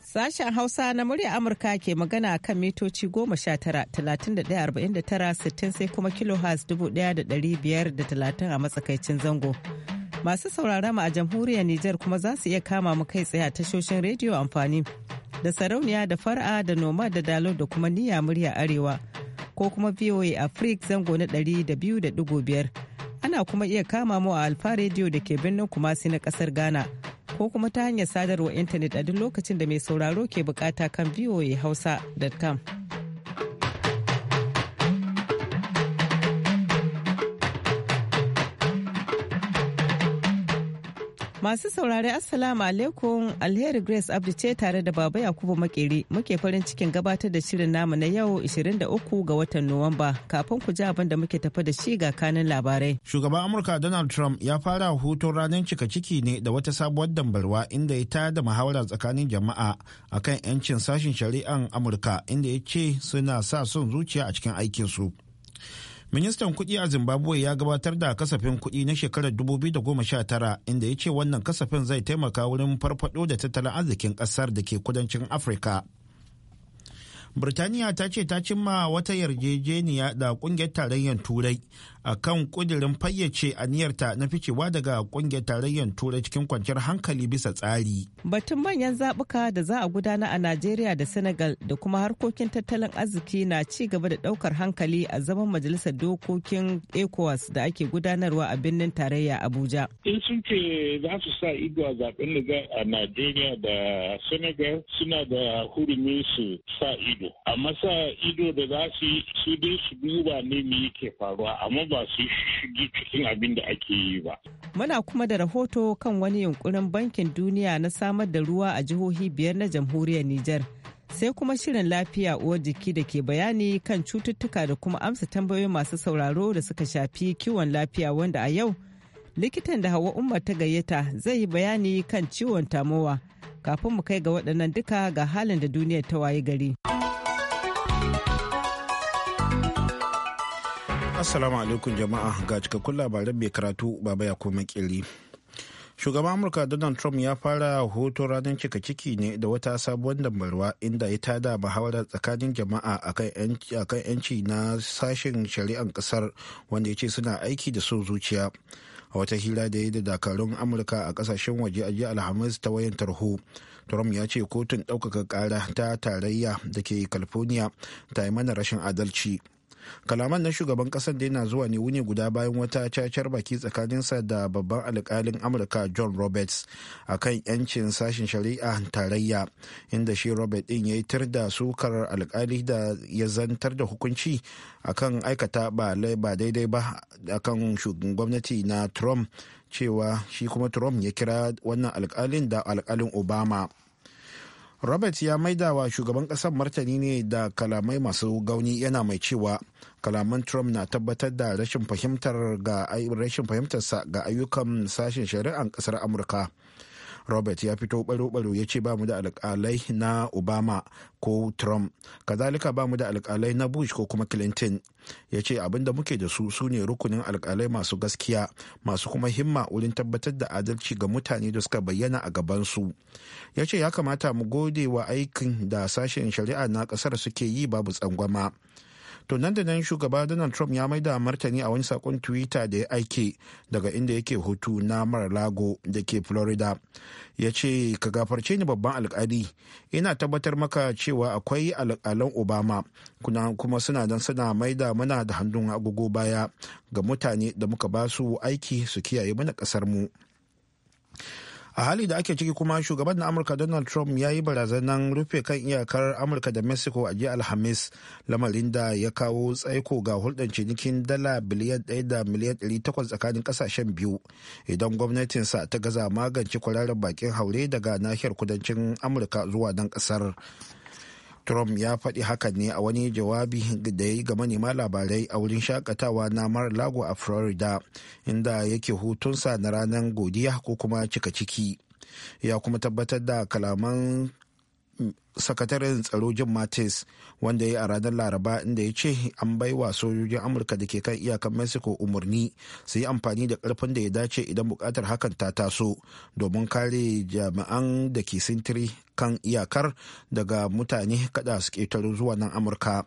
Sashen Hausa na murya Amurka ke magana kan mitoci goma sha tara, talatin sittin sai kuma kilohas dubu ɗaya da ɗari biyar da talatin a matsakaicin zango. Masu sauraron mu a jamhuriyar Nijar kuma za su iya kama mu kai tsaye a tashoshin rediyo amfani da sarauniya da fara da noma da dalo da kuma niyya murya arewa. ko kuma VOA Africa zango na 200.5. Ana kuma iya kama mu a Alfa Radio da ke birnin Kumasi na kasar Ghana ko kuma ta hanyar sadarwa intanet a duk lokacin da mai sauraro ke bukata kan voahausa.com. Masu saurari Assalamu alaikum Alheri Grace Abdi ce tare da Baba Yakubu makeri muke farin cikin gabatar da shirin namu na yau 23 ga watan Nuwamba kafin ku ji abin da muke tafa da shi ga kanin labarai. Shugaban Amurka Donald Trump ya fara hutun ranar cika ciki ne da wata sabuwar dambarwa inda ya tayar da muhawara tsakanin jama'a akan 'yancin sashen shari'an Amurka inda ya ce suna sa son zuciya a cikin aikinsu. su. ministan kuɗi a zimbabwe ya gabatar da kasafin kuɗi na shekarar 2019 inda ya ce wannan kasafin zai taimaka wurin farfado da tattalin arzikin ƙasar da ke kudancin afirka Birtaniya ta ce ta cimma wata yarjejeniya da kungiyar tarayyar Turai a kan kudirin fayyace aniyarta na ficewa daga kungiyar tarayyar Turai cikin kwanciyar hankali bisa tsari. Batun manyan zaɓuka da za a gudana a Najeriya da Senegal da kuma harkokin tattalin arziki na ci gaba da ɗaukar hankali a zaman majalisar dokokin ECOWAS da ake gudanarwa a birnin tarayya Abuja. In sun ce za su sa ido a zaben da a Najeriya da Senegal suna da hurumi su sa ido. ido amma sa ido da za su yi su dai su duba ne me yake faruwa amma ba su shigi cikin abin da ake yi ba muna kuma da rahoto kan wani yunkurin bankin duniya na samar da ruwa a jihohi biyar na jamhuriyar Nijar. sai kuma shirin lafiya uwar jiki da ke bayani kan cututtuka da kuma amsa tambayoyi masu sauraro da suka shafi kiwon lafiya wanda a yau likitan da hawa umar ta gayyata zai yi bayani kan ciwon tamowa kafin mu kai ga waɗannan duka ga halin da duniyar ta waye gari. Assalamu alaikum jama'a ga cikakkun labaran mai karatu baba ya kuma kiri. Shugaban Amurka Donald Trump ya fara hoto ranar cika ciki ne da wata sabuwar dambarwa inda ya tada muhawara tsakanin jama'a a akan yanci na sashen shari'an kasar wanda ya ce suna aiki da son zuciya. A wata hira da ya da dakarun Amurka a kasashen waje a Alhamis ta wayan tarho. Trump ya ce kotun ɗaukaka ƙara ta tarayya da ke California ta yi mana rashin adalci. kalaman na shugaban kasar da yana zuwa ne wuni guda bayan wata cacar baki tsakaninsa da babban alkalin amurka john roberts a kan yancin sashen shari'a tarayya inda shi robert din ya yi tar da sukar alkali da ya zantar da hukunci a kan aikata ba daidai ba a kan shugaban gwamnati na trump cewa shi kuma trump ya kira wannan alkalin da alkalin obama Robert ya maida wa shugaban kasar martani ne da kalamai masu gauni yana mai cewa kalaman Trump na tabbatar da rashin fahimtar ga fahimtarsa ga ayyukan sashen shari'ar kasar Amurka. robert ya fito ɓaro-ɓaro ya ce ba mu da alkalai na obama ko trump kazalika ba mu da alkalai na bush ko kuma clinton ya ce abin da muke da su su ne rukunin alkalai masu gaskiya masu kuma himma wurin tabbatar da adalci ga mutane da suka bayyana a gabansu ya ce ya kamata mu gode wa aikin da sashen shari'a na ƙasar suke yi babu tsangwama to nan da nan shugaba donald trump ya maida martani a wani sakon twitter da ya aike daga inda yake hutu na mar lago da ke florida ya ce ka gafarce ni babban alkali ina tabbatar maka cewa akwai alkalan obama kuma suna don suna maida mana da hannun agogo baya ga mutane da muka ba su aiki su kiyaye mana kasar mu a hali da ake ciki kuma shugaban na amurka donald trump ya yi barazanan rufe kan iyakar amurka da mexico a jiya alhamis lamarin da ya kawo tsaiko ga hulɗar cinikin dala biliyan ɗaya da miliyan ɗari takwas tsakanin ƙasashen biyu idan gwamnatinsa ta gaza magance kwararren bakin haure daga nahiyar kudancin amurka zuwa nan ƙasar Trump ya faɗi hakan ne a wani jawabi da ya yi ga manema labarai a wurin shakatawa na mar lago a Florida inda yake hutunsa na ranar godiya ko kuma cika ciki. Ya kuma tabbatar da kalaman sakataren tsaro jim mattis wanda ya yi a ranar laraba inda ya ce an bai wa sojojin amurka da ke kan iyakan mexico umarni su yi amfani da karfin da ya dace idan bukatar hakan ta taso domin kare jami'an da ke sintiri kan iyakar daga mutane kada su ketare zuwa nan amurka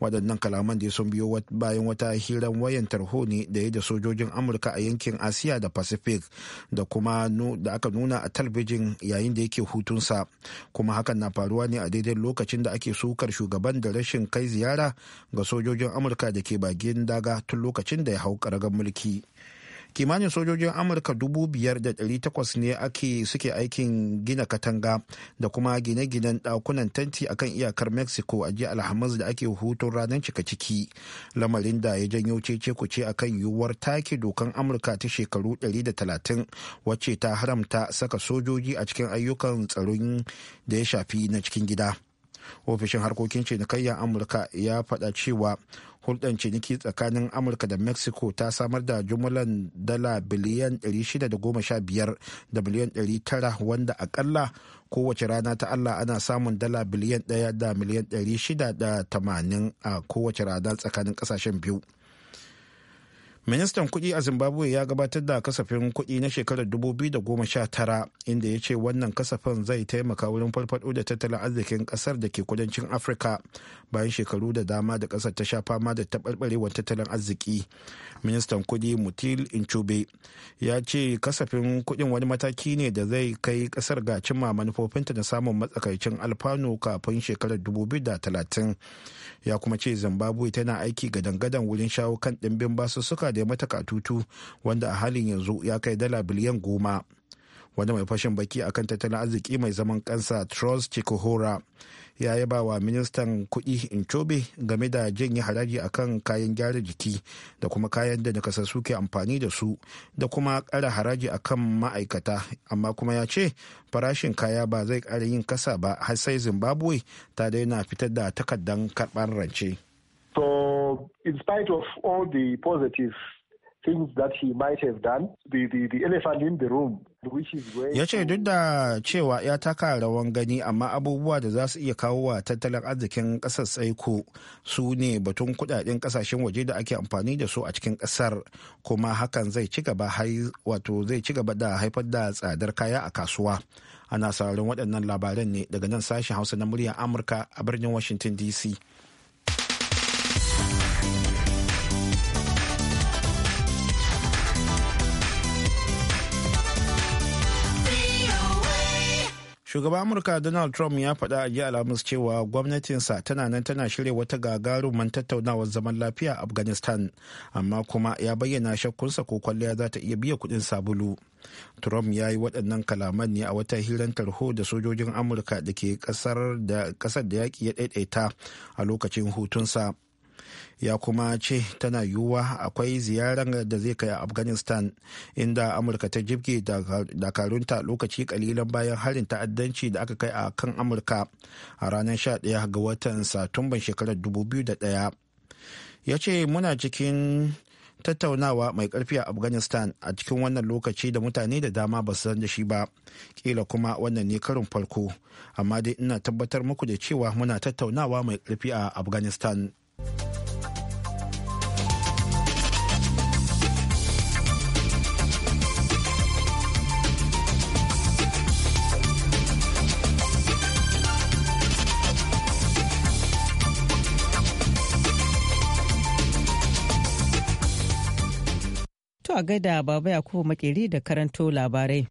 waɗannan kalaman da sun biyo bayan wata hiran wayan tarho ne da ya da sojojin amurka a yankin asiya da pacific da kuma da aka nuna a talbijin yayin da yake hutunsa kuma hakan na faruwa ne a daidai lokacin da ake sukar shugaban da rashin kai ziyara ga sojojin amurka da ke bagin daga tun lokacin da ya hau karagar mulki. kimanin sojojin amurka 5,800 ne ake suke aikin gina katanga da kuma gine-ginen dakunan tanti akan iyakar mexico a jiya alhamis da ake hutun ranar cika ciki lamarin da ya janyo cece kuce akan yiwuwar take dokan amurka ta shekaru 130 wacce ta haramta saka sojoji a cikin ayyukan tsaron da ya shafi na cikin gida. ofishin harkokin cinikayyar amurka ya faɗa cewa hulɗar ciniki tsakanin amurka da mexico ta samar da jumlan dala biliyan 615 da biliyan 900 wanda akalla kowace rana ta allah ana samun dala biliyan 1 da miliyan 680 a kowace rana tsakanin ƙasashen biyu ministan kuɗi a zimbabwe ya gabatar da kasafin kuɗi na shekarar 2019 inda ya ce wannan kasafin zai taimaka wurin farfado da tattalin arzikin ƙasar da ke kudancin afirka bayan shekaru da dama da ƙasar ta sha fama da taɓarɓarewar tattalin arziki ministan kuɗi mutil inchube ya ce kasafin kuɗin wani mataki ne da zai kai ƙasar ga cimma manufofinta na samun matsakaicin alfanu kafin shekarar 2030 ya kuma ce zimbabwe tana aiki ga dangadan wurin shawo kan ɗimbin basussuka da ya mata katutu wanda a halin yanzu ya kai dala biliyan goma wani mai fashin baki akan tattalin arziki mai zaman kansa Trust Chikuhora ya yaba wa ministan kuɗi Inchobe game da janye haraji akan kayan gyara jiki da kuma kayan da nakasassu ke amfani da su da kuma ƙara haraji a kan ma'aikata amma kuma ya ce farashin kaya ba zai ƙara yin kasa ba har sai Zimbabwe ta daina fitar da takardan karɓar rance. in spite of all the positive things that he might have done, the, the, the elephant in the room, which is where... Ya ce duk da cewa ya taka rawan gani amma abubuwa da za su iya kawo wa tattalin arzikin ƙasar tsaiko su ne batun kudaden kasashen waje da ake amfani da su a cikin ƙasar kuma hakan zai ci gaba wato zai ci gaba da haifar da tsadar kaya a kasuwa. Ana sauraron waɗannan labaran ne daga nan sashen Hausa na muryar Amurka a birnin Washington DC. shugaban amurka donald trump ya faɗa a ji alhamis cewa gwamnatinsa tana nan tana shirya wata gagarumin tattaunawar zaman lafiya a afghanistan amma kuma ya bayyana shakkunsa ko kwalliya za ta iya biya kuɗin sabulu trump ya yi waɗannan kalaman ne a wata hirar tarho da sojojin amurka da ke ƙasar da yaƙi ya ɗaiɗaita a lokacin hutunsa ya kuma ce tana yiwuwa akwai ziyarar da zai kai a afghanistan inda amurka ta jibge dakarunta lokaci kalilan bayan harin ta'addanci da aka kai a kan amurka a ranar 11 ga watan satumban shekarar 2001 ya ce muna cikin tattaunawa mai karfi a afghanistan a cikin wannan lokaci da mutane da dama ba su san da shi ba kila kuma wannan ne karin farko amma dai ina tabbatar muku da cewa muna tattaunawa mai karfi a afghanistan a gaida baba yakubu makeri da karanto labarai.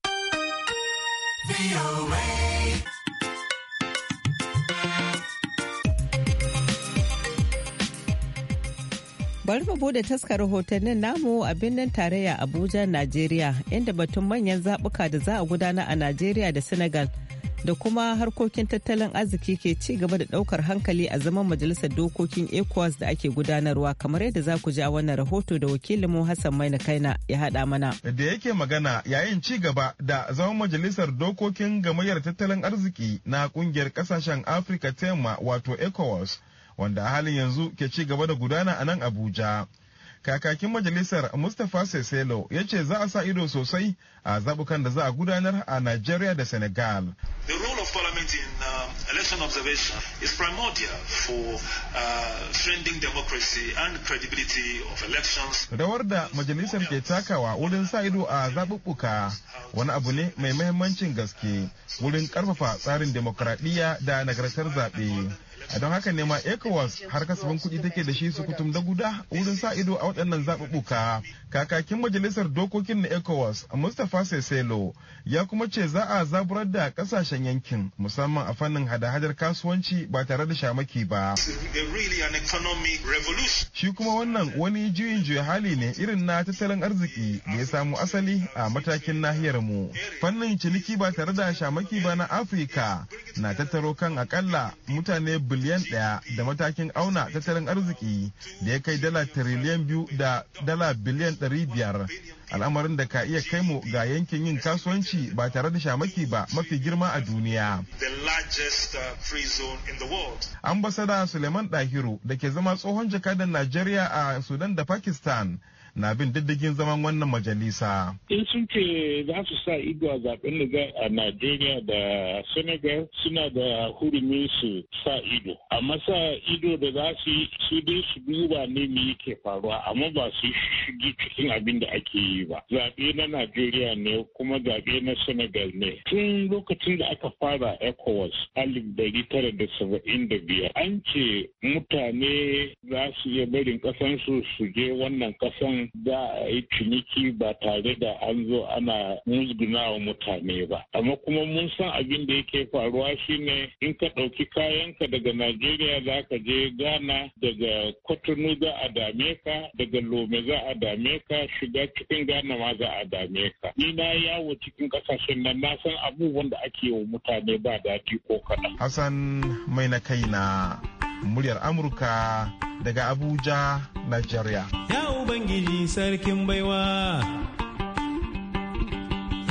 bari mu bude taskar rahotannin namu a birnin tarayya abuja najeriya inda batun manyan zabuka da za a gudana a najeriya da senegal da kuma harkokin tattalin arziki ke ci gaba da daukar hankali a zaman majalisar dokokin ecowas da ake gudanarwa kamar yadda za ku ji a wannan rahoto da wakilin wakilinmu hassan maina kaina ya haɗa mana da yake magana yayin ci gaba da zaman majalisar dokokin gamayyar tattalin arziki na kungiyar kasashen afirka tema wato ecowas wanda a halin yanzu ke ci gaba da gudana a nan abuja kakakin majalisar mustapha seselo ya ce za a sa ido sosai a zabukan da za a gudanar a nigeria da senegal the role of parliament in uh, election observation is primordial for uh, democracy and credibility of elections rawar da majalisar ke takawa wurin sa ido a zaɓuɓɓuka wani abu ne mai mahimmancin gaske wurin karfafa tsarin demokradiyya da nagartar zaɓe don haka ne ma ecowas har kasafin kuɗi take da shi su kutum da guda wurin sa ido a waɗannan zaɓuɓɓuka kakakin majalisar dokokin na ecowas mustapha seselo ya kuma ce za a zaburar da ƙasashen yankin musamman a fannin hada-hadar kasuwanci ba tare da shamaki ba shi kuma wannan wani juyin juya hali ne irin na tattalin arziki da ya samu asali a matakin nahiyar mu fannin ciniki ba tare da shamaki ba na afirka na tattaro kan akalla mutane biliyan tiriliyan daya da matakin auna tattalin arziki da ya kai dala tiriliyan biyu da dala biliyan ɗari biyar al'amarin da ka iya kai mu ga yankin yin kasuwanci ba tare da shamaki ba mafi girma a duniya. Uh, Ambasada Suleiman Dahiru da ke zama tsohon jakadan Najeriya a Sudan da Pakistan na bin diddigin zaman wannan majalisa. In sun ce za su sa ido a zaben da za a Najeriya da Senegal suna da hurumi su sa ido. Amma sa ido da za su yi su dai su duba ne me yake faruwa amma ba su shigi cikin abin da ake yi ba. Zaɓe na Najeriya ne kuma zaɓe na Senegal ne. Tun lokacin da aka fara ECOWAS alif dari da saba'in da biyar an ce mutane za su iya barin ƙasansu su je wannan ƙasan za a yi ciniki ba tare da an zo ana wa mutane ba amma kuma mun san abin da yake faruwa shine in ka ɗauki kayanka daga najeriya za ka je ghana daga kotonu za a dame ka daga lome za a dame ka shiga cikin ghana ma za a dame ka ni na yawo cikin ƙasashen nan na san abubuwan da ake wa mutane ba daɗi ko kaɗan hassan mai na kai na muryar Amurka daga Abuja, Najeriya. Ya Ubangiji sarkin baiwa.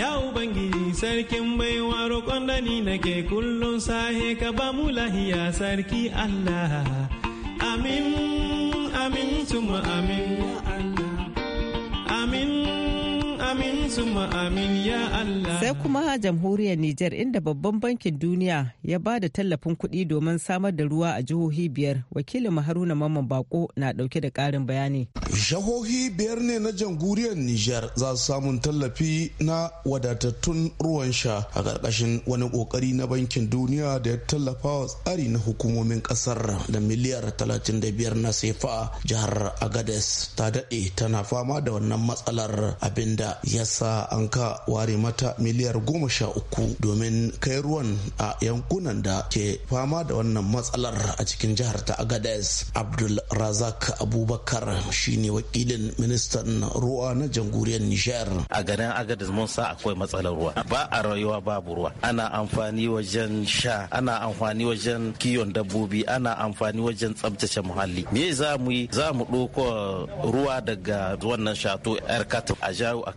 Ya Ubangiji sarkin baiwa roƙon da nake kullum sahe ka ba mu lahiya sarki Allah. Amin, amin, tuma amin. Sai kuma jamhuriyar Nijar inda babban bankin duniya ya ba da tallafin kuɗi domin samar da ruwa a jihohi biyar. Wakilin Haruna Mamman Bako na ɗauke da ƙarin bayani. Jihohi biyar ne na jamhuriyar Nijar za su samun tallafi na wadatattun ruwan sha a ƙarƙashin wani ƙoƙari na bankin duniya da ya tallafa wa tsari na hukumomin ƙasar da miliyar 35 na sefa jihar Agades ta daɗe tana fama da wannan matsalar abinda ya sa an ka ware mata miliyar goma sha uku domin kai ruwan a yankunan da ke fama da wannan matsalar a cikin jihar ta agadez abdul razak abubakar shine wakilin ministan ruwa na jamhuriyar nijar a garin agadez mun sa akwai matsalar ruwa ba a rayuwa babu ruwa ana amfani wajen sha ana amfani wajen kiyon dabbobi ana amfani wajen tsabtace muhalli me za mu yi za mu ɗauko ruwa daga wannan shato yar a jawo a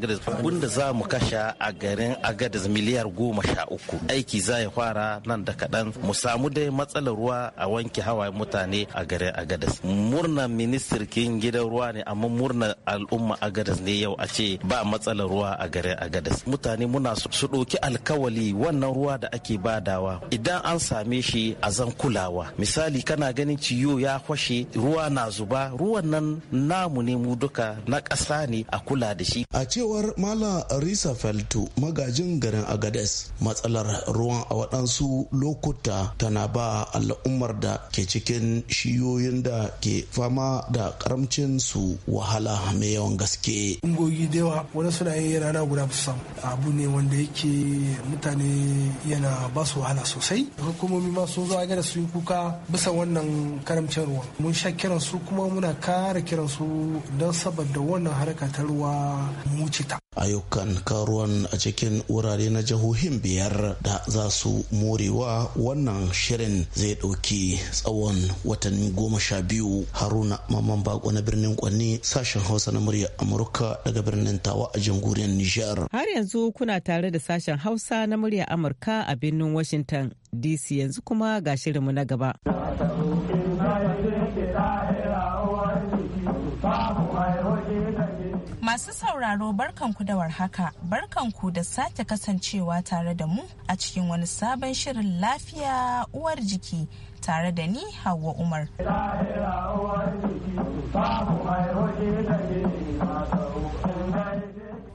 agadez abinda za mu kasha a garin agadez miliyar goma sha uku aiki za ya fara nan da kaɗan mu samu dai matsalar ruwa a wanke hawaye mutane a garin agadez murna ministirkin gidan ruwa ne amma murna al'umma agadez ne yau a ce ba matsalar ruwa a garin agadez mutane muna su ɗauki alkawali wannan ruwa da ake badawa idan an same shi a zan kulawa misali kana ganin ciyo ya kwashe ruwa na zuba ruwan nan namu ne mu duka na ƙasa ne a kula da shi a cewa cewar mala risa feltu magajin garin agades matsalar ruwan a waɗansu lokuta tana ba al'ummar da ke cikin shiyoyin da ke fama da karamcin su wahala mai yawan gaske ungogi da yawa wani suna yi rana guda samu abu ne wanda yake mutane yana ba su wahala sosai hukumomi ma sun zo a gada su yi kuka bisa wannan karamcin ruwa mun sha kiransu kuma muna kara kiran su don saboda wannan harkar ta ruwa shida. Ayyukan karuwan a cikin wurare na jihohin biyar da za su morewa wannan shirin zai ɗauki tsawon watanni goma sha biyu haruna maman bako na birnin kwanni sashen hausa na murya amurka daga birnin tawa a jamhuriyar nijar. har yanzu kuna tare da sashen hausa na murya amurka a birnin washington dc yanzu kuma ga shirinmu na gaba. Masu sauraro barkanku da warhaka, barkanku da sake kasancewa tare da mu a cikin wani sabon shirin lafiya uwar jiki tare da ni Hauwa Umar.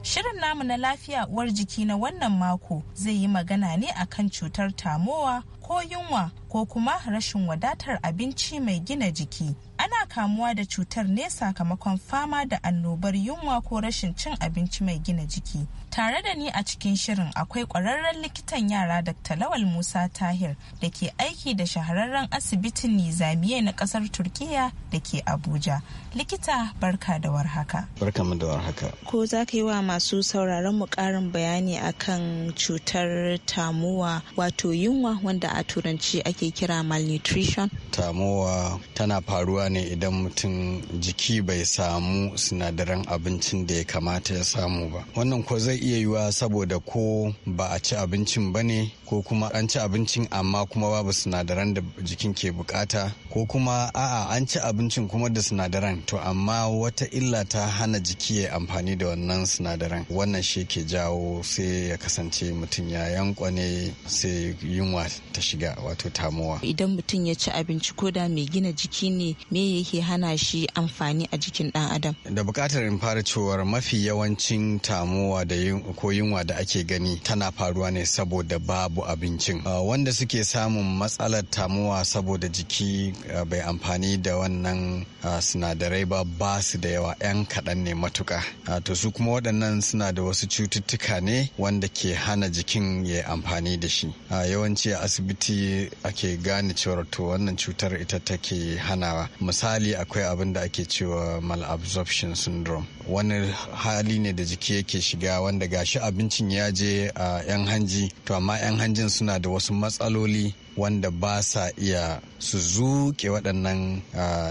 Shirin namu na lafiya uwar jiki na wannan mako zai yi magana ne akan cutar tamowa ko yunwa ko kuma rashin wadatar abinci mai gina jiki. Ana kamuwa da cutar ne sakamakon fama da annobar yunwa ko rashin cin abinci mai gina jiki. Tare da ni a cikin shirin akwai kwararren likitan yara Dr. Lawal Musa Tahir da ke aiki da shahararren asibitin Nizamiya na kasar Turkiyya da ke Abuja. Likita barka da warhaka. Barka da warhaka. Ko za ka yi wa masu sauraron mu karin bayani akan cutar tamuwa wato yunwa wanda a turanci ake kira malnutrition. Tamuwa tana faruwa ne idan mutum jiki bai samu sinadaran abincin da ya kamata ya samu ba. Wannan ko zai iya yiwa saboda ko ba a ci abincin ba ne ko kuma an ci abincin amma kuma babu sinadaran da jikin ke bukata ko kuma a'a an ci abincin kuma da sinadaran to amma wata illa ta hana jiki ya amfani da wannan sinadaran. sinadaran wannan shi ke jawo sai ya kasance mutum ya ne sai yunwa ta shiga wato tamuwa idan mutum ya ci abinci ko da mai gina jiki ne me yake hana shi amfani a jikin dan adam da bukatar in fara cewar mafi yawancin tamuwa da ko yunwa da ake gani tana faruwa ne saboda babu abincin ah, wanda suke samun matsalar tamuwa saboda jiki ah, bai amfani da wannan ah, sinadarai ba ba su da yawa 'yan kaɗan ne matuka to su kuma waɗannan nan suna da wasu cututtuka ne wanda ke hana jikin ya amfani da shi a yawanci a asibiti ake gane cewar to wannan cutar ita take hanawa misali akwai abin da ake cewa malabsorption syndrome wani hali ne da jiki yake shiga wanda gashi abincin ya je a 'yan hanji to amma 'yan hanjin suna da wasu matsaloli wanda ba sa iya su zuke waɗannan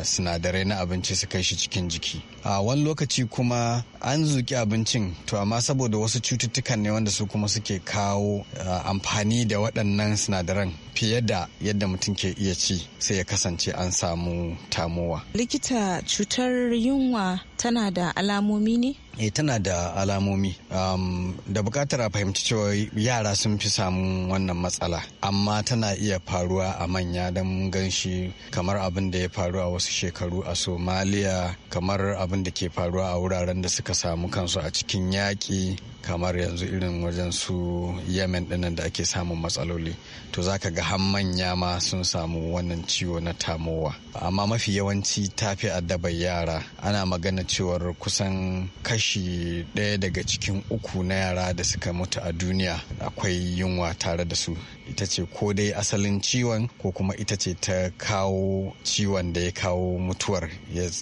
sinadarai na abinci su kai shi cikin jiki a wani lokaci kuma an zuki abincin to amma saboda wasu cututtukan ne wanda su kuma suke kawo amfani da waɗannan sinadaran fiye da yadda mutum ke iya ci sai ya kasance an samu tamowa likita cutar yunwa tana da alamomi ne e, tana da alamomi um, da bukatar a fahimci cewa yara sun fi samun wannan matsala amma tana iya faruwa a manya don ganshi kamar abin da ya faru a wasu shekaru a somaliya kamar abin da ke faruwa a wuraren da suka samu kansu a cikin yaƙi kamar yanzu irin wajen su yamen dinnan da ake samun matsaloli to za ka ga har manya ma sun samu wannan ciwo na tamowa amma mafi yawanci tafi addabar yara ana magana cewar kusan kashi kashi ɗaya daga cikin uku na yara da suka mutu a duniya akwai yunwa tare da su ita ce ko dai asalin ciwon ko kuma ita ce ta kawo ciwon da ya kawo mutuwar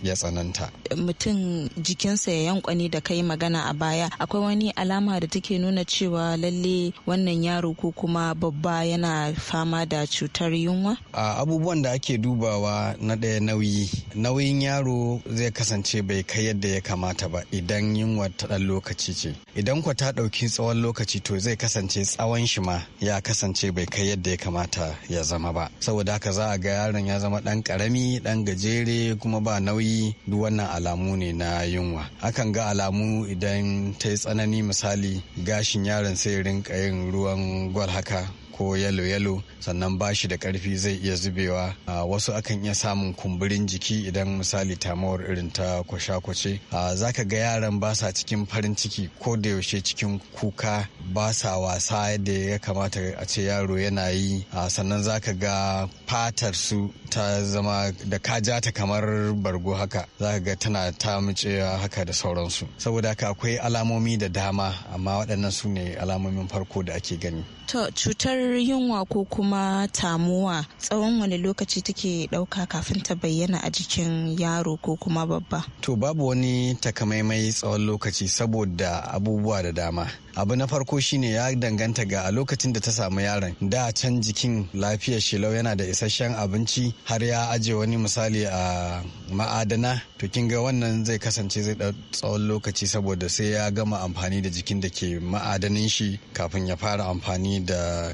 ya tsananta mutum jikinsa ya yankwani da kai magana a baya akwai wani alama da take nuna cewa lalle wannan yaro ko kuma babba yana fama da cutar yunwa abubuwan da ake dubawa na ɗaya nauyi nauyin yaro zai kasance bai kai yadda ya kamata ba idan yunwa ta ɗan lokaci ce idan kwa ta ɗauki tsawon lokaci to zai kasance tsawon shi ma ya kasance bai bai kai yadda ya kamata ya zama ba saboda haka za a ga yaron ya zama dan karami dan gajere kuma ba nauyi duk wannan alamu ne na yunwa akan ga alamu idan ta yi tsanani misali gashin yaron sai rinka yin ruwan gwal haka ko yalo yalo sannan bashi da karfi zai iya zubewa a wasu akan iya samun kumburin jiki idan misali tamawar irin ta kwashe-kwashe za ka ga yaran ba sa cikin farin ciki ko da yaushe cikin kuka ba sa wasa da ya kamata a ce yaro yana yi sannan za ka ga fatar su ta zama da ka ja ta kamar bargo haka za ka ga tana ta micewa haka da sauransu saboda haka akwai alamomi da dama amma waɗannan su ne alamomin farko da ake gani to cutar yunwa ko kuma tamuwa tsawon wani lokaci take ɗauka kafin ta bayyana a jikin yaro ko kuma babba? To babu wani takamaimai tsawon lokaci saboda abubuwa da dama. Abu na farko shine ya danganta ga a lokacin da ta samu yaron da can jikin lafiyar shilau yana da isasshen abinci har ya aje wani misali a ma'adana to kin ga wannan zai kasance zai da tsawon lokaci saboda sai ya gama amfani da jikin da ke ma'adanin shi kafin ya fara amfani da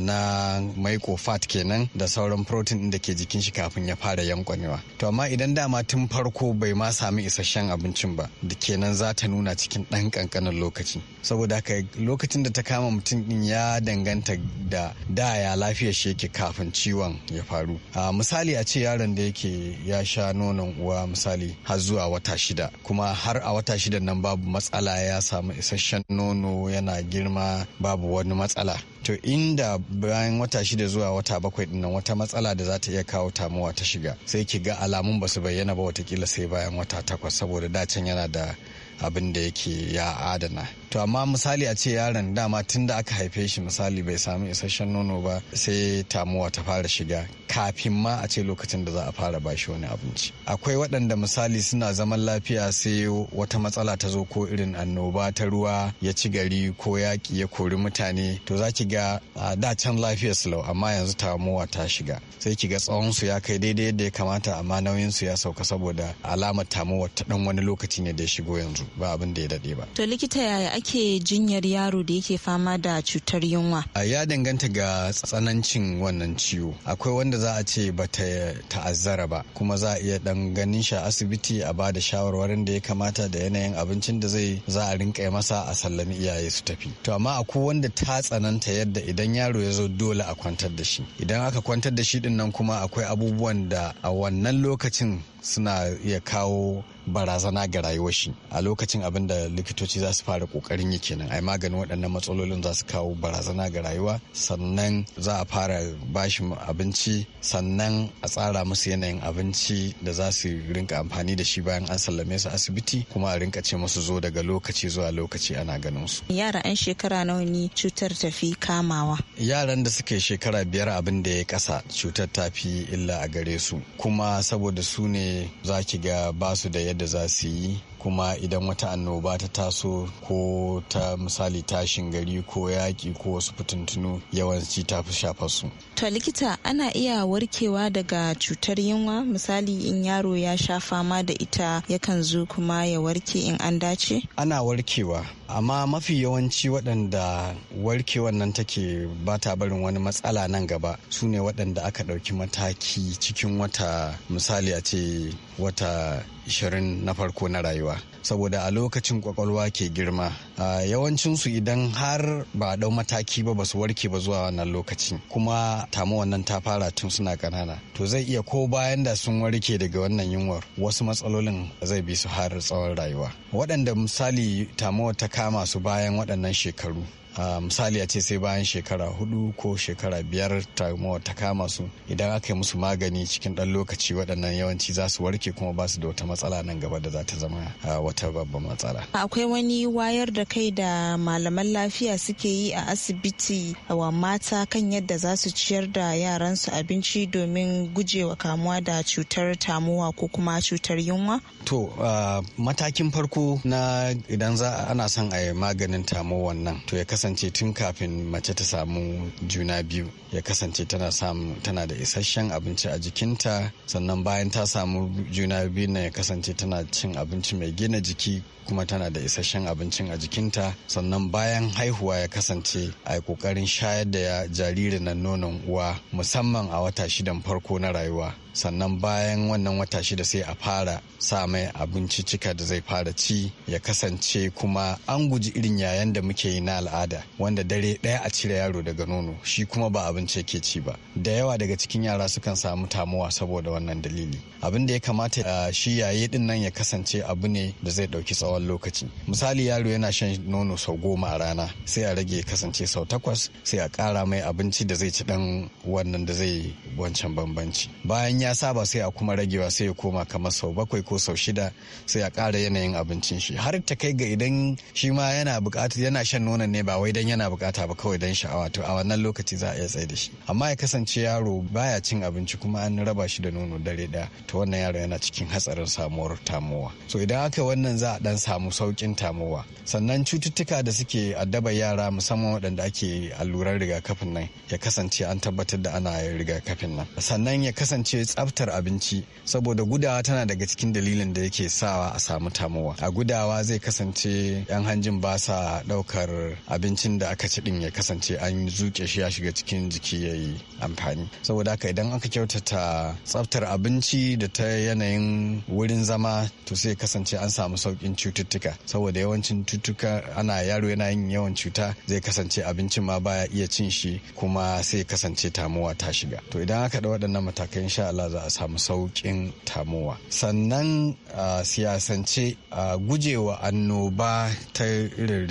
na maiko fat kenan da sauran protein da ke jikin shi kafin ya fara yankwanewa to amma idan dama tun farko bai ma sami isasshen abincin ba da kenan za ta nuna cikin ɗan ƙanƙanin lokaci saboda haka lokacin da ta kama mutum ɗin ya danganta da da ya lafiyar shi yake kafin ciwon ya faru a misali a ce yaron da yake ya sha nonon uwa misali har zuwa wata shida kuma har a wata shida nan babu matsala ya samu isasshen nono yana girma babu wani matsala to inda bayan wata shida zuwa wata bakwai dinnan wata matsala da za ta iya kawo tamuwa ta shiga sai ki ga alamun ba su bayyana ba watakila sai bayan wata takwas saboda dacen yana da abin da yake ya adana to amma misali a ce yaron dama tun da aka haife shi misali bai samu isasshen nono ba sai tamuwa ta fara shiga kafin ma a ce lokacin da za a fara bashi wani abinci akwai waɗanda misali suna zaman lafiya sai wata matsala ta zo ko irin annoba ta ruwa ya ci gari ko yaƙi ya kori mutane to za ki ga da can lafiyar su lau amma yanzu tamuwa ta shiga sai ki ga tsawon su ya kai daidai yadda ya kamata amma nauyin su ya sauka saboda alamar tamuwa ta dan wani lokaci ne da ya shigo yanzu ba abin da ya daɗe ba to likita yaya ake jinyar yaro da yake fama da cutar yunwa? Ya danganta ga tsanancin wannan ciwo. Akwai wanda za a ce ba ta ta'azzara ba, kuma za a iya dan ganin shi a asibiti a ba da shawarwarin da ya kamata da yanayin abincin da zai za a rinka masa a sallami iyaye su tafi. To amma akwai wanda ta tsananta yadda idan yaro ya zo dole a kwantar da shi. Idan aka kwantar da shi din nan kuma akwai abubuwan da a wannan lokacin suna iya kawo barazana ga rayuwar shi a lokacin abin da likitoci za su fara kokarin yi kenan ai maganin waɗannan matsalolin za su kawo barazana ga rayuwa sannan za a fara bashi abinci sannan a tsara musu yanayin abinci da za su rinka amfani da shi bayan an sallame su asibiti kuma a rinka ce musu zo daga lokaci zuwa lokaci ana ganin su yara an shekara nawa ne cutar tafi kamawa yaran da suke shekara biyar abin da ya kasa cutar ta fi illa a gare su kuma saboda su ne za ki ga ba su da yadda za su yi kuma idan wata annoba ta taso ko ta misali tashin gari ko yaƙi ko wasu fitintunu yawanci ta fi shafar su. To likita ana iya warkewa daga cutar yunwa misali in yaro ya sha fama da ita yakan zo kuma ya warke in an dace? Ana warkewa amma mafi yawanci waɗanda warkewar nan take ba ta barin wani matsala nan gaba su ne waɗanda aka ɗauki mataki cikin wata misali a ce wata ishirin na farko na rayuwa saboda a lokacin kwakwalwa ke girma yawancinsu idan har ba a dau mataki ba ba su warke ba zuwa wannan lokaci kuma tamu wannan ta fara tun suna kanana to zai iya ko bayan da sun warke daga wannan yunwar wasu matsalolin zai bi su har tsawon rayuwa waɗanda misali tamu ta kama su bayan waɗannan shekaru misali a ce sai bayan shekara hudu ko shekara biyar tamuwa ta kama su idan aka yi musu magani cikin ɗan lokaci waɗannan yawanci za su warke kuma ba su da wata matsala nan gaba da za ta zama wata babban matsala. Akwai wani wayar da kai da malaman lafiya suke yi a asibiti wa mata kan yadda za su ciyar da yaransu abinci domin gujewa kamuwa da cutar tamuwa ko kuma cutar yunwa? To matakin farko na idan za ana son a yi maganin tamuwan nan to ya kasance tun kafin mace ta samu juna biyu ya kasance tana samu tana da isasshen abinci a jikinta sannan bayan ta samu juna biyu na ya kasance tana cin abinci mai gina jiki kuma tana da isasshen abincin a jikinta sannan bayan haihuwa ya kasance a kokarin shayar da jaririn nan nonon uwa musamman a wata shidan farko na rayuwa sannan bayan wannan wata shida sai a fara sa mai abinci cika da zai fara ci ya kasance kuma an guji irin yayan da muke yi na al'ada wanda dare ɗaya a cire yaro daga nono shi kuma ba abinci yake ci ba da yawa daga cikin yara sukan samu tamuwa saboda wannan dalili abin da ya kamata shi yaye din nan ya kasance abu ne da zai ɗauki tsawon lokaci misali yaro yana shan nono sau goma a rana sai a rage ya kasance sau takwas sai a ƙara mai abinci da zai ci ɗan wannan da zai wancan bambanci bayan ya saba sai a kuma ragewa sai ya koma kamar sau bakwai ko sau shida sai a ƙara yanayin abincin shi har ta kai ga idan shi ma yana bukata yana shan nonon ne ba wai dan yana bukata ba kawai dan sha'awa to a wannan lokaci za a iya tsaye da shi amma ya kasance yaro baya cin abinci kuma an raba shi da nono dare daya to wannan yaro yana cikin hatsarin samuwar tamowa so idan aka wannan za a dan samu saukin tamowa sannan cututtuka da suke addaba yara musamman waɗanda ake allurar rigakafin nan ya kasance an tabbatar da ana rigakafin nan sannan ya kasance tsaftar abinci saboda gudawa tana daga cikin dalilin da yake sawa a samu tamowa a gudawa zai kasance yan hanjin ba sa daukar abincin da aka ci din ya kasance an zuke shi ya shiga cikin jiki ya yi amfani saboda haka idan aka kyautata tsaftar abinci da ta yanayin wurin zama to sai kasance an samu saukin cututtuka saboda yawancin cututtuka ana yaro yana yin yawan cuta zai kasance abincin ma baya iya cin shi kuma sai kasance tamuwa ta shiga to idan aka da waɗannan matakai insha Allah Allah za a samu sauƙin tamowa sannan a siyasance a gujewa annoba ta irin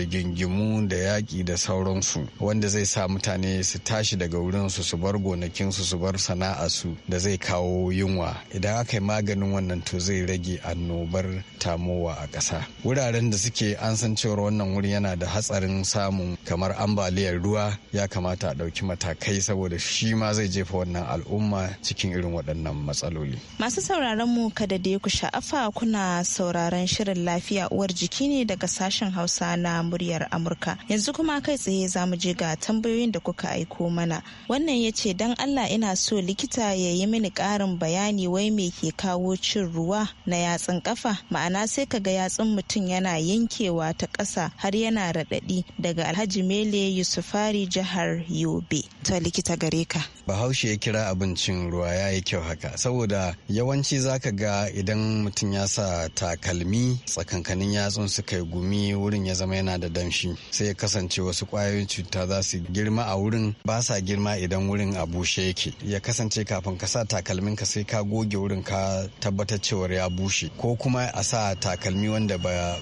da yaƙi da sauransu wanda zai sa mutane su tashi daga wurin su bar gonakinsu su bar su da zai kawo yunwa idan aka yi maganin wannan to zai rage annobar tamowa a ƙasa wuraren da suke an san cewar wannan wuri yana da hatsarin samun kamar ambaliyar ruwa ya kamata a ɗauki matakai saboda shi ma zai jefa wannan al'umma cikin irin waɗannan waɗannan matsaloli. Masu sauraron mu kada da ku sha'afa kuna sauraron shirin lafiya uwar jiki ne daga sashen Hausa na muryar Amurka. Yanzu kuma kai tsaye za mu je ga tambayoyin da kuka aiko mana. Wannan ya ce dan Allah ina so likita ya yi mini ƙarin bayani wai me ke kawo cin ruwa na yatsun ƙafa?" ma'ana sai ka ga yatsun mutum yana yankewa ta ƙasa har yana raɗaɗi daga Alhaji Mele Yusufari jihar Yobe. Ta likita gare ka. Bahaushe ya kira abincin ruwa ya yi kyau haka saboda yawanci zaka ga idan mutum ya sa takalmi tsakankanin yatsun su yi gumi wurin ya zama yana da damshi sai ya kasance wasu kwayoyin cuta za su girma a wurin ba sa girma idan wurin a bushe yake ya kasance kafin ka sa takalmin ka sai ka goge wurin ka tabbatar cewar ya bushe ko kuma a sa takalmi wanda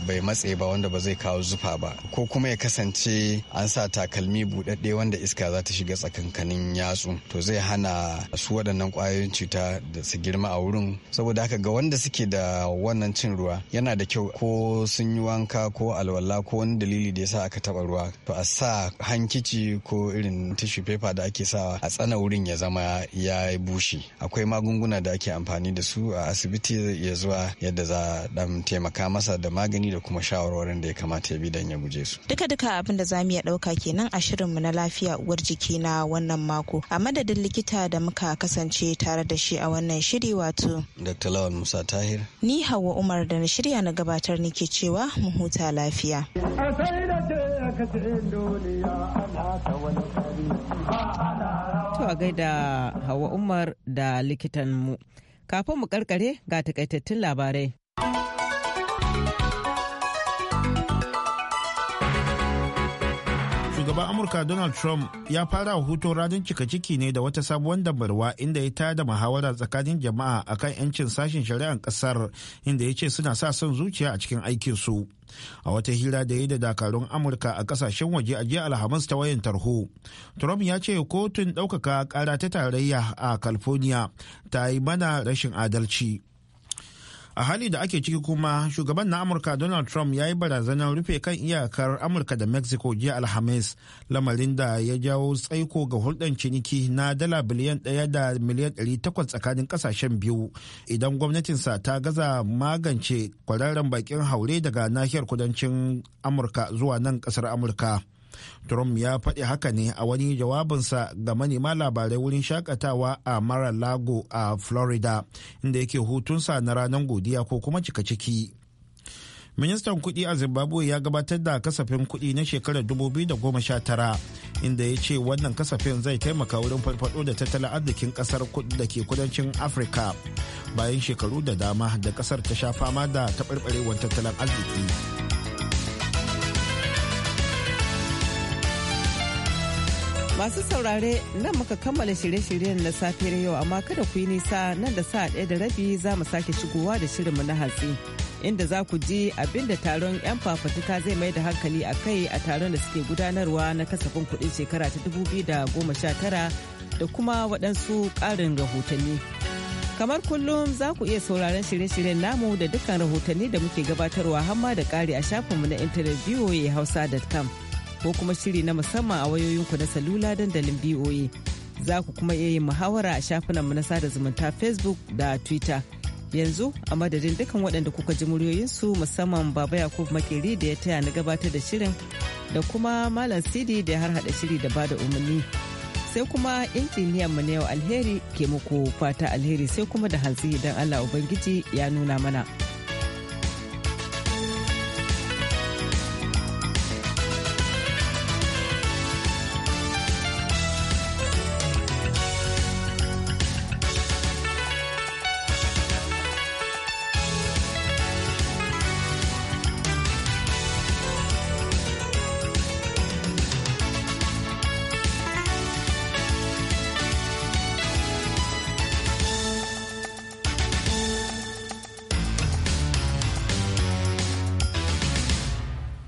bai matse ba wanda ba zai kawo zufa ba ko kuma ya kasance an sa takalmi buɗaɗɗe wanda iska za ta shiga tsakankanin yatsu to zai hana su waɗannan kwayoyin cuta sha da su girma a wurin saboda haka ga wanda suke da wannan cin ruwa yana da kyau ko sun yi wanka ko alwala ko wani dalili da yasa aka taba ruwa to a sa hankici ko irin tissue paper da ake sawa a tsana wurin ya zama ya bushe akwai magunguna da ake amfani da su a asibiti ya zuwa yadda za a taimaka masa da magani da kuma shawarwarin da ya kamata ya bi dan ya guje su duka duka abin da zamu iya dauka kenan a mu na lafiya uwar jiki na wannan mako a madadin likita da muka kasance tare da shi shi a wannan shiri wato. Dr. Lawal Musa Tahir. Ni Hauwa Umar da na shirya na gabatar ke cewa mu huta lafiya. To a gaida Hauwa Umar da likitan mu. Kafin mu karkare ga takaitattun labarai. shugaban amurka donald trump ya fara hutun ranar cika ciki ne da wata sabuwar dabarwa inda ya tada muhawara tsakanin jama'a a kan yancin sashen shari'ar kasar inda ya ce suna sa son zuciya a cikin aikinsu a wata hira da ya da dakarun amurka a kasashen waje a jiya alhamis ta wayan tarho trump ya ce kotun ɗaukaka kara ta tarayya a california ta yi mana rashin adalci a hali da ake ciki kuma shugaban na amurka donald trump ya yi barazanar rufe kan iyakar amurka da mexico jiya alhamis lamarin da ya jawo tsaiko ga hulɗar ciniki na dala biliyan ɗaya da miliyan ɗari takwas tsakanin ƙasashen biyu idan gwamnatinsa ta gaza magance kwararren bakin haure daga nahiyar kudancin amurka zuwa nan ƙasar amurka Trump ya faɗi haka ne a wani jawabinsa ga manema labarai wurin shakatawa a Mara Lago a Florida, inda yake hutunsa na ranar godiya ko kuma cika ciki. ministan kuɗi a zimbabwe ya gabatar da kasafin kuɗi na shekarar 2019 inda ya ce wannan kasafin zai taimaka wurin farfado da tattalin arzikin kasar da ke kudancin afirka bayan shekaru da dama da ƙasar ta sha fama da taɓarɓarewar tattalin arziki. Masu saurare nan muka kammala shirye-shiryen na safiyar yau amma kada ku yi nisa nan da sa ɗaya da rabi za mu sake shigowa da shirinmu na hatsi. Inda za ku ji abin da taron 'yan fafatuka zai mai da hankali a kai a taron da suke gudanarwa na kasafin kuɗin shekara ta dubu biyu da goma sha tara da kuma waɗansu ƙarin rahotanni. Kamar kullum za ku iya sauraron shirye-shiryen namu da dukkan rahotanni da muke gabatarwa hamma da ƙari a shafinmu na intanet voahausa.com. ko kuma shiri na musamman a wayoyinku na salula dandalin BOA. Za ku kuma iya yin muhawara a shafinanmu na sada zumunta Facebook da Twitter. Yanzu a madadin dukan waɗanda kuka ji muryoyinsu musamman Baba Yakub Makeri da ya taya na gabatar da shirin da kuma Malam Sidi da ya harhaɗa shiri da bada umarni. Sai kuma injiniyan mu na yau alheri ke muku fata alheri sai kuma da hantsi idan Allah Ubangiji ya nuna mana.